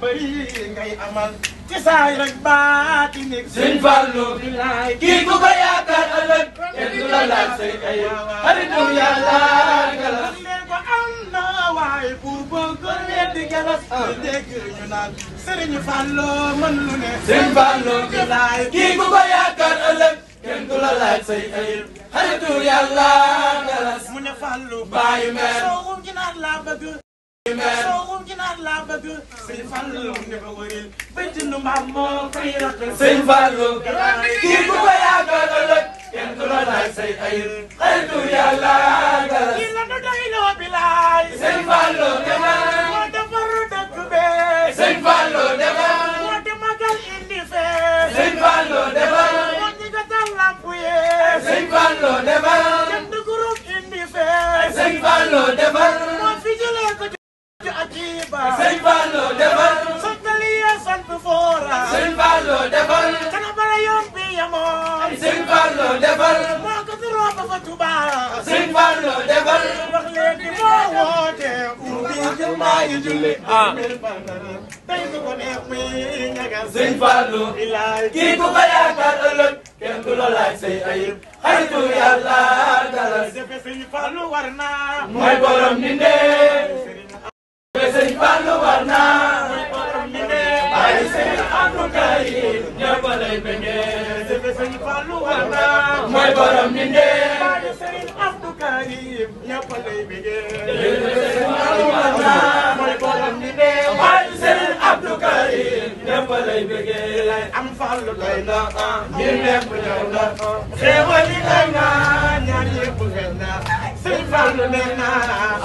bëri ngay amal ci saay rek baati nekk sëñ Fallu kii ku ko la laaj say ay xaritu yàlla galas galas ah. ñu ne sëñ Fallu kii ku ko mu ne Fallu bàyyi mer nag laa bëgg sëñ Fallou ne ko wëril bëccëg nu mbaam moo fay rëkk sëñ Fallou kii ku ko yaakaar ëllëg kenn du la laaj say ayir Fallou defal moo ko fi romb fa Touba Sëñ Fallou defal wax léegi moo woote ubbi jumaa yi julli ah tey ku ko neex mi ñagal Sëñ Fallou kii ku ko yaakaar ëllëg kenn du la laaj say ayib xaritu yàlla dalal defe Sëñ Fallou war naa mooy borom ni ndee defe Sëñ Fallou war naa mooy borom ni ndee ay seen àndukaay ñëpp lay bëggee mooy borom ni ndee Serigne Abdou Karim ñëpp lay bëggee mooy borom ni lay bëggee lay am fàllu doy na ñu nekk ñëw na xéewal yi doy na ñaan